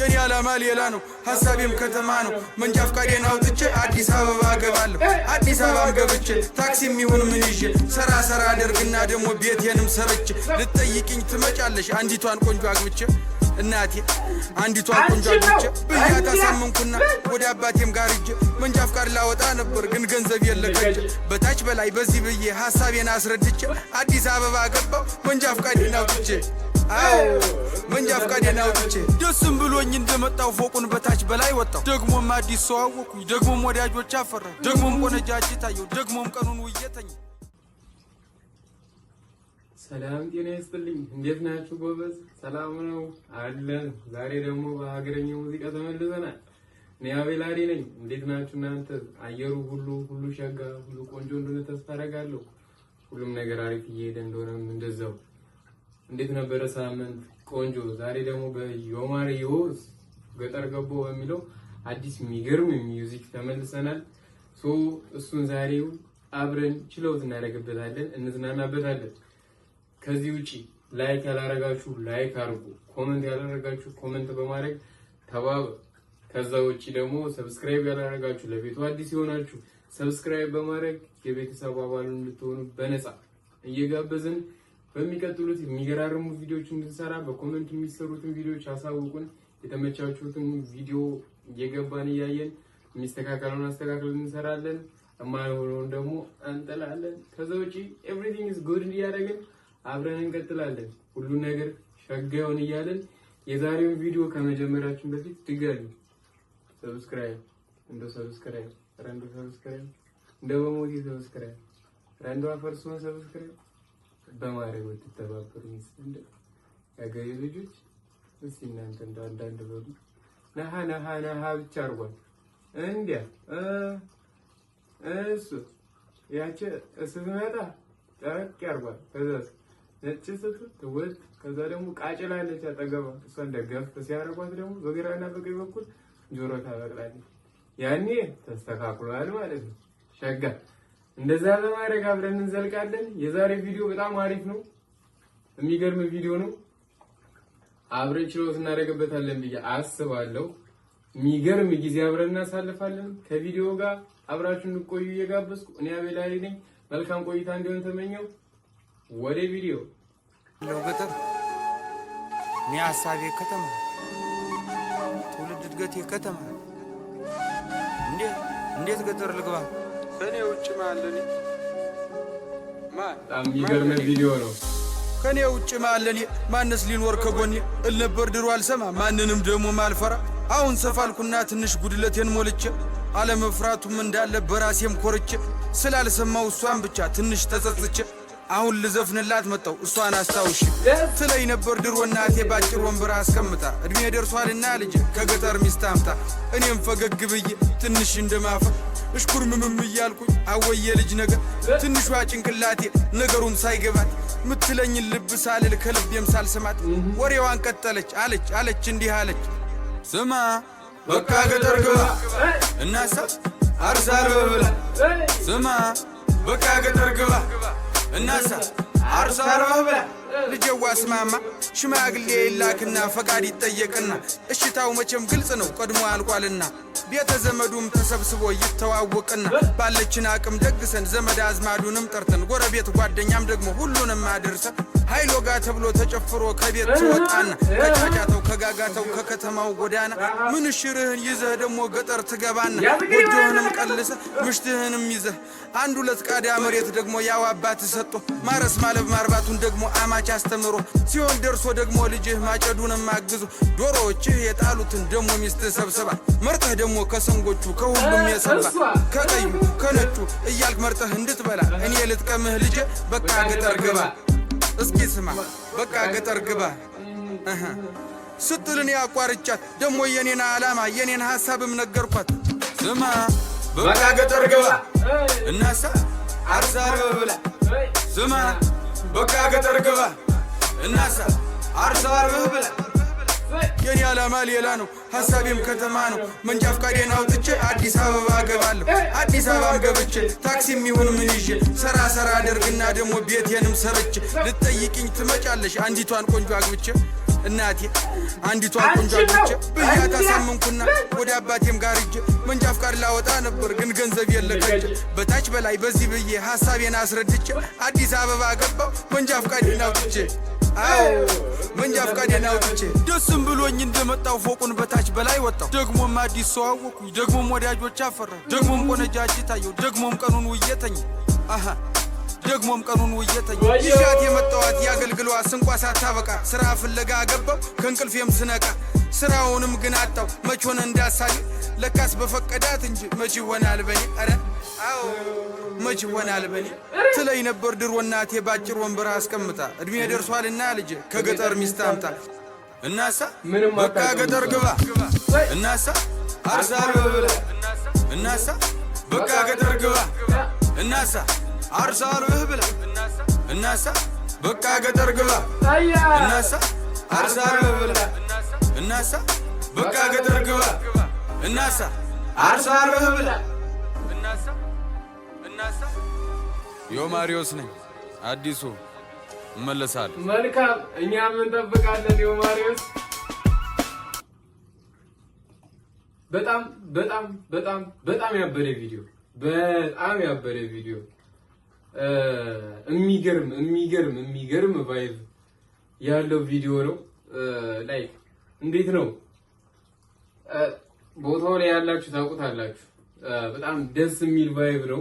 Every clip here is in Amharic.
የኔ ዓላማ ሌላ ነው፣ ሀሳቤም ከተማ ነው። መንጃ ፍቃዴን አውጥቼ አዲስ አበባ ገባለሁ። አዲስ አበባ ገብቼ ታክሲ የሚሆን ምን ይዤ ሰራ ሰራ አደርግና ደግሞ ቤቴንም ሰርቼ ልጠይቅኝ ትመጫለሽ አንዲቷን ቆንጆ አግብቼ እናቴ አንዲቷ ቆንጆ አግብቼ ብያ ታሳምንኩና ወደ አባቴም ጋር እጅ መንጃ ፍቃድ ላወጣ ነበር ግን ገንዘብ የለቀች በታች በላይ በዚህ ብዬ ሀሳቤን አስረድቼ አዲስ አበባ ገባው መንጃ ፍቃዴን ናውጥቼ መንጃ ፈቃዴን አውጥቼ ደስም ብሎኝ እንደመጣው ፎቁን በታች በላይ ወጣው። ደግሞም አዲስ ሰው አወኩኝ፣ ደግሞም ወዳጆች አፈራ፣ ደግሞም ቆነጃጅ ታየው፣ ደግሞም ቀኑን ውየተኝ። ሰላም ጤና ይስጥልኝ። እንዴት ናችሁ ጎበዝ? ሰላም ነው አለን። ዛሬ ደግሞ በሀገረኛ ሙዚቃ ተመልሰናል። እኔ አቤላሪ ነኝ። እንዴት ናችሁ እናንተ? አየሩ ሁሉ ሁሉ ሸጋ ሁሉ ቆንጆ እንደሆነ ተስፋ አደርጋለሁ። ሁሉም ነገር አሪፍ እየሄደ እንደሆነም እንደዛው እንዴት ነበረ ሳምንት? ቆንጆ። ዛሬ ደግሞ በዮማሪዮ ገጠር ገቦ በሚለው አዲስ የሚገርም ሚውዚክ ተመልሰናል። ሶ እሱን ዛሬው አብረን ችለውት እናደርግበታለን፣ እንዝናናበታለን። ከዚህ ውጪ ላይክ ያላረጋችሁ ላይክ አድርጉ፣ ኮመንት ያላረጋችሁ ኮመንት በማድረግ ተባበ ከዛ ውጪ ደግሞ ሰብስክራይብ ያላረጋችሁ ለቤቱ አዲስ የሆናችሁ ሰብስክራይብ በማድረግ የቤተሰብ አባሉን ልትሆኑ በነፃ እየጋበዝን በሚቀጥሉት የሚገራርሙ ቪዲዮዎች እንድንሰራ በኮመንት የሚሰሩትን ቪዲዮዎች አሳውቁን። የተመቻችሁትን ቪዲዮ እየገባን እያየን የሚስተካከለውን አስተካክለን እንሰራለን። የማይሆነውን ደግሞ እንጥላለን። ከዛ ውጪ ኤቭሪቲንግ ኢዝ ጉድ እያደረግን አብረን እንቀጥላለን። ሁሉን ነገር ይሆን እያለን የዛሬውን ቪዲዮ ከመጀመራችን በፊት ድጋሚ ሰብስክራይብ እንደ ሰብስክራይብ ረንዶ ሰብስክራይብ እንደ በሞቴ ሰብስክራይብ ረንዶ አፈርሶን ሰብስክራይብ በማድረግ ብትተባበሩ እንደ የሀገሬ ልጆች እስኪ እናንተ እንደ አንዳንድ በሉ ነሃ ነሃ ነሃ ብቻ አድርጓል። እንዲያ እሱ ያቺ ስትመጣ ጠቅ ያርጓል ከዛ ነጭ ስትል ትወጥ ከዛ ደግሞ ቃጭላለች አጠገቧ። እሷ እንደገፍ ሲያደርጓት ደግሞ በግራና በቀኝ በኩል ጆሮ ታበቅላለች። ያኔ ተስተካክሏል ማለት ነው ሸጋ እንደዛ በማድረግ አብረን እንዘልቃለን። የዛሬ ቪዲዮ በጣም አሪፍ ነው፣ የሚገርም ቪዲዮ ነው። አብረን ችሎት እናደርግበታለን ብዬ አስባለሁ። የሚገርም ጊዜ አብረን እናሳልፋለን። ከቪዲዮ ጋር አብራችሁ እንቆዩ እየጋበዝኩ እኔ አቤላ ነኝ። መልካም ቆይታ እንዲሆን ተመኘው። ወደ ቪዲዮ ነው። እኔ ሀሳቤ ከተማ፣ ትውልድ እድገቴ ከተማ። እንዴት ገጠር ልግባ ከኔ ውጭ ማለኒ የሚገርም ቪዲዮ ነው። ከኔ ውጭ ማለኒ ማነስ ሊኖር ከጎኔ እልነበር ድሮ አልሰማ ማንንም ደግሞ ማልፈራ አሁን ሰፋልኩና ትንሽ ጉድለቴን ሞልቼ አለመፍራቱም እንዳለ በራሴም ኮርቼ ስላልሰማው እሷን ብቻ ትንሽ ተጸጽቼ አሁን ልዘፍንላት መጣው እሷን አስታውሽ ትለኝ ነበር ድሮ እናቴ ባጭር ወንበር አስቀምጣ እድሜ ደርሷልና ልጅ ከገጠር ሚስት አምጣ እኔም ፈገግ ብዬ ትንሽ እንደማፈ እሽኩር ምምም እያልኩኝ አወየ ልጅ ነገር ትንሿ ጭንቅላቴ ነገሩን ሳይገባት ምትለኝን ልብ ሳልል ከልቤም ሳልሰማት ወሬዋን ቀጠለች አለች አለች እንዲህ አለች ስማ በቃ ገጠር ግባ እናሳ አርሳል በብላ ስማ በቃ ገጠር ግባ እናሳ አርሶ አርበህ ብላ ልጀዋ አስማማ ሽማግሌ ይላክና ፈቃድ ይጠየቅና እሽታው መቼም ግልጽ ነው ቀድሞ አልቋልና ቤተ ዘመዱም ተሰብስቦ ይተዋወቅና ባለችን አቅም ደግሰን ዘመድ አዝማዱንም ጠርተን ጎረቤት ጓደኛም ደግሞ ሁሉንም አድርሰ ኃይል ወጋ ተብሎ ተጨፍሮ ከቤት ትወጣና ከጫጫተው ከጋጋተው ከከተማው ጎዳና ምንሽርህን ይዘህ ደግሞ ገጠር ትገባና ጎጆህንም ቀልሰ ምሽትህንም ይዘህ አንድ ሁለት ቃዳ መሬት ደግሞ ያው አባት ሰጦ ማረስ ማለብ ማርባቱን ደግሞ አማች ሰዎች አስተምሮ ሲሆን ደርሶ ደግሞ ልጅህ ማጨዱንም አግዙ። ዶሮዎችህ የጣሉትን ደሞ ሚስትህ ሰብስባ መርጠህ ደግሞ ከሰንጎቹ ከሁሉም የሰባ ከቀዩ ከነጩ እያልክ መርጠህ እንድትበላ እኔ ልጥቀምህ ልጅ በቃ ገጠር ግባ። እስኪ ስማ በቃ ገጠር ግባ ስትልን ያቋርጫት ደግሞ የኔን ዓላማ የኔን ሐሳብም ነገርኳት። ስማ በቃ ገጠር ግባ እናሳ አርሳለ ብላ ስማ በቃ ገጠር ግባ እናሳ አርሶ አርብህ ብላ የኔ ዓላማ ሌላ ነው፣ ሀሳቤም ከተማ ነው። መንጃ ፍቃዴን አውጥቼ አዲስ አበባ ገባለሁ። አዲስ አበባ ገብቼ ታክሲ የሚሆን ምን ይዤ ሰራ ሰራ አደርግና ደግሞ ቤቴንም ሰርቼ ልጠይቅኝ ትመጫለሽ አንዲቷን ቆንጆ አግብቼ እናቴ አንዲቷ ቆንጆ አግኝቼ ብያት አሳመንኩና ወደ አባቴም ጋር እጄ መንጃ ፍቃድ ላወጣ ነበር ግን ገንዘብ የለቀች በታች በላይ በዚህ ብዬ ሀሳቤን አስረድቼ አዲስ አበባ ገባው መንጃ ፍቃዴን አውጥቼ አዎ መንጃ ፍቃዴን አውጥቼ ደስም ብሎኝ እንደመጣው ፎቁን በታች በላይ ወጣው። ደግሞም አዲስ ሰው አወኩኝ ደግሞም ወዳጆች አፈራ ደግሞም ቆነጃጅ ታየው ደግሞም ቀኑን ውየተኝ ደግሞም ቀኑን ውየተኝ ይዣት የመጣዋት የአገልግሏ ስንኳ ሳታበቃ ስራ ፍለጋ ገባው ከእንቅልፌም ስነቃ ስራውንም ግን አጣው መች ሆነ እንዳሳሌ ለካስ በፈቀዳት እንጂ መች ይሆናል በኔ ኧረ አዎ መች ይሆናል በኔ ትለይ ነበር ድሮ እናቴ ባጭር ወንበር አስቀምጣ እድሜ ደርሷልና ልጅ ከገጠር ሚስት አምጣ እናሳ በቃ ገጠር ግባ እናሳ አርሳ እናሳ በቃ ገጠር ግባ እናሳ አርሳሉህ ብላ እናሳ በቃ ገጠር ግባ እናሳ አርሳሉህ ብላ እናሳ በቃ ገጠር ግባ እናሳ አርሳሉህ ብላ እናሳ እናሳ ዮ ማሪዮስ ነኝ አዲሱ እመለሳለሁ። መልካም እኛም እንጠብቃለን ዮ ማሪዮስ በጣም በጣም በጣም በጣም ያበደ ቪዲዮ በጣም ያበደ ቪዲዮ የሚገርም የሚገርም የሚገርም ቫይብ ያለው ቪዲዮ ነው። ላይክ እንዴት ነው ቦታው ላይ ያላችሁ ታውቁታላችሁ። በጣም ደስ የሚል ቫይብ ነው።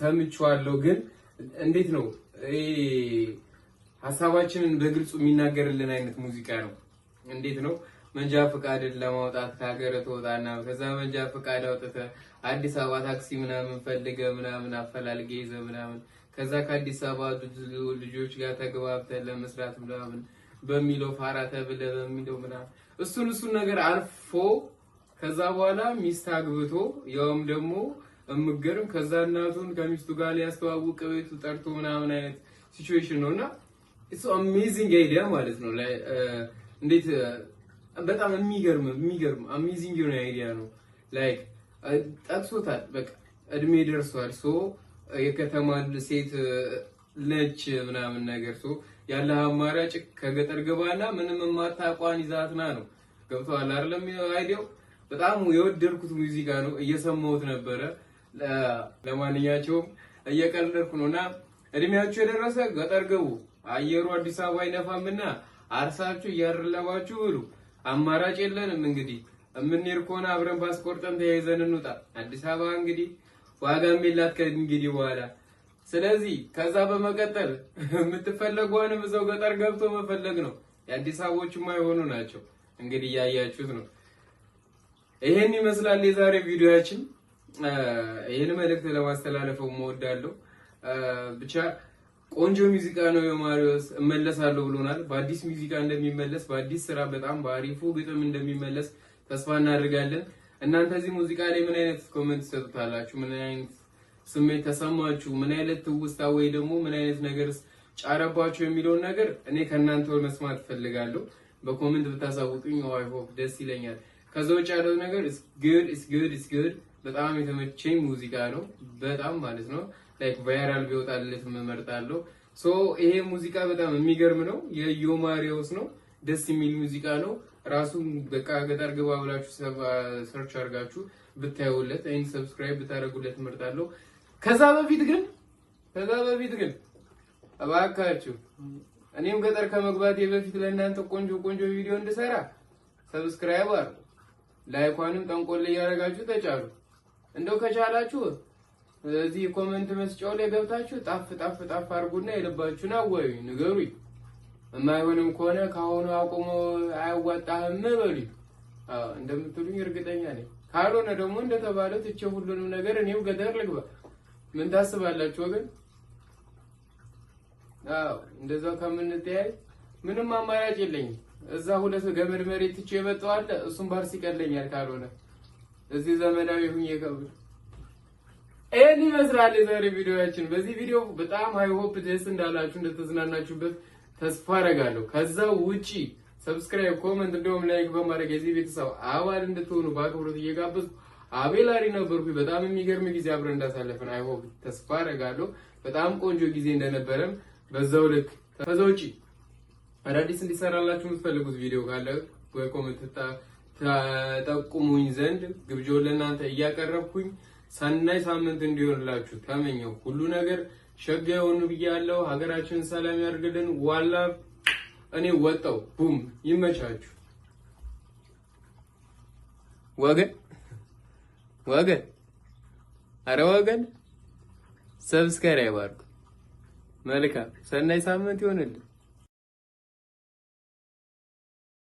ሰምቼዋለሁ፣ ግን እንዴት ነው ሀሳባችንን በግልጹ የሚናገርልን አይነት ሙዚቃ ነው። እንዴት ነው መንጃ ፈቃድን ለማውጣት ከሀገር ተወጣና ከዛ መንጃ ፈቃድ አውጥተ አዲስ አበባ ታክሲ ምናምን ፈልገ ምናምን አፈላልገ ይዘ ምናምን ከዛ ከአዲስ አበባ ልጆች ጋር ተግባብተን ለመስራት ምናምን በሚለው ፋራ ተብለ በሚለው ምናምን እሱን እሱን ነገር አልፎ ከዛ በኋላ ሚስት አግብቶ ያውም ደግሞ እምገርም ከዛ እናቱን ከሚስቱ ጋር ሊያስተዋውቅ ቤቱ ጠርቶ ምናምን አይነት ሲቹዌሽን ነው እና ኢትስ አሜዚንግ አይዲያ ማለት ነው። እንዴት በጣም የሚገርም የሚገርም አሜዚንግ የሆነ አይዲያ ነው። ላይክ ጠቅሶታል። በቃ እድሜ ደርሷል ሶ የከተማን ሴት ነች ምናምን ነገር ሰው ያለ አማራጭ ከገጠር ግባና ምንም የማታቋን ይዛትና ነው። ገብቷል አይደለም? አይዲያው በጣም የወደድኩት ሙዚቃ ነው፣ እየሰማሁት ነበረ። ለማንኛቸውም እየቀለድኩ ነው እና እድሜያችሁ የደረሰ ገጠር ግቡ፣ አየሩ አዲስ አበባ አይነፋምና አርሳችሁ እያረለባችሁ ብሉ። አማራጭ የለንም እንግዲህ። የምንሄድ ከሆነ አብረን ፓስፖርተን ተያይዘን እንውጣ። አዲስ አበባ እንግዲህ ዋጋም የላት ከእንግዲህ በኋላ። ስለዚህ ከዛ በመቀጠል የምትፈለጓንም እዛው ገጠር ገብቶ መፈለግ ነው። የአዲስ አበቦችማ የሆኑ ናቸው። እንግዲህ እያያችሁት ነው። ይሄን ይመስላል የዛሬ ቪዲዮያችን። ይሄን መልእክት ለማስተላለፈው እወዳለሁ። ብቻ ቆንጆ ሙዚቃ ነው የማሪዎስ እመለሳለሁ ብሎናል። በአዲስ ሙዚቃ እንደሚመለስ፣ በአዲስ ስራ በጣም በአሪፉ ግጥም እንደሚመለስ ተስፋ እናደርጋለን። እናንተ እዚህ ሙዚቃ ላይ ምን አይነት ኮሜንት ሰጡታላችሁ? ምን አይነት ስሜት ተሰማችሁ? ምን አይነት ትውስታ ወይ ደግሞ ምን አይነት ነገር ጫረባችሁ የሚለውን ነገር እኔ ከእናንተ መስማት ፈልጋለሁ። በኮሜንት ብታሳውቁኝ አይ ሆፕ ደስ ይለኛል። ከዛ ውጭ ያለው ነገር ኢስ ጉድ ኢስ ጉድ ኢስ ጉድ። በጣም የተመቸኝ ሙዚቃ ነው በጣም ማለት ነው። ላይክ ቫይራል ቢወጣለት እመርጣለሁ። ሶ ይሄ ሙዚቃ በጣም የሚገርም ነው። የዮ ነው። ደስ የሚል ሙዚቃ ነው። ራሱም በቃ ገጠር ግባ ብላችሁ ሰርች አድርጋችሁ ብታዩለት ይህን ሰብስክራይብ ብታደርጉለት እመርጣለሁ። ከዛ በፊት ግን ከዛ በፊት ግን እባካችሁ እኔም ገጠር ከመግባቴ በፊት ለእናንተ ቆንጆ ቆንጆ ቪዲዮ እንድሰራ ሰብስክራይብ አድርጉ፣ ላይኳንም ጠንቆል እያደረጋችሁ ተጫሉ። እንደው ከቻላችሁ እዚህ ኮመንት መስጫው ላይ ገብታችሁ ጣፍ ጣፍ ጣፍ አድርጉና የልባችሁን አወዩኝ፣ ንገሩኝ። የማይሆንም ከሆነ ከአሁኑ አቁሞ አያዋጣህም በሉ እንደምትሉኝ እርግጠኛ ነኝ። ካልሆነ ደግሞ እንደተባለ ትቼ ሁሉንም ነገር እኔው ገጠር ልግባ። ምን ታስባላችሁ ወገን? እንደዛው ከምንተያይ ምንም አማራጭ የለኝም። እዛ ሁለት ገመድ መሬት ትቼ የበጠዋለ እሱም ባርስ ይቀለኛል። ካልሆነ እዚህ ዘመናዊ ሁኝ የከብር ይህን ይመስላል የዛሬ ቪዲዮያችን። በዚህ ቪዲዮ በጣም ሀይሆፕ ደስ እንዳላችሁ እንደተዝናናችሁበት ተስፋ አደርጋለሁ። ከዛ ውጪ ሰብስክራይብ፣ ኮመንት እንዲሁም ላይክ በማድረግ የዚህ ቤተሰብ አባል እንድትሆኑ በአክብሮት እየጋበዝኩ አቤላሪ ነበርኩኝ። በጣም የሚገርም ጊዜ አብረን እንዳሳለፍን አይ ሆፕ ተስፋ አደርጋለሁ። በጣም ቆንጆ ጊዜ እንደነበረም በዛው ልክ። ከዛ ውጪ አዳዲስ እንዲሰራላችሁ የምትፈልጉት ቪዲዮ ካለ በኮመንት ተጠቁሙኝ ዘንድ ግብዣውን ለእናንተ እያቀረብኩኝ ሰናይ ሳምንት እንዲሆንላችሁ ተመኘው። ሁሉ ነገር ሸጋ የሆኑ ብያለሁ። ሀገራችን ሰላም ያርግልን። ዋላ እኔ ወጣው ቡም ይመቻችሁ። ወገን ወገን፣ አረ ወገን ሰብስክራይብ አድርጉ። መልካም ሰናይ ሳምንት ይሆንልን።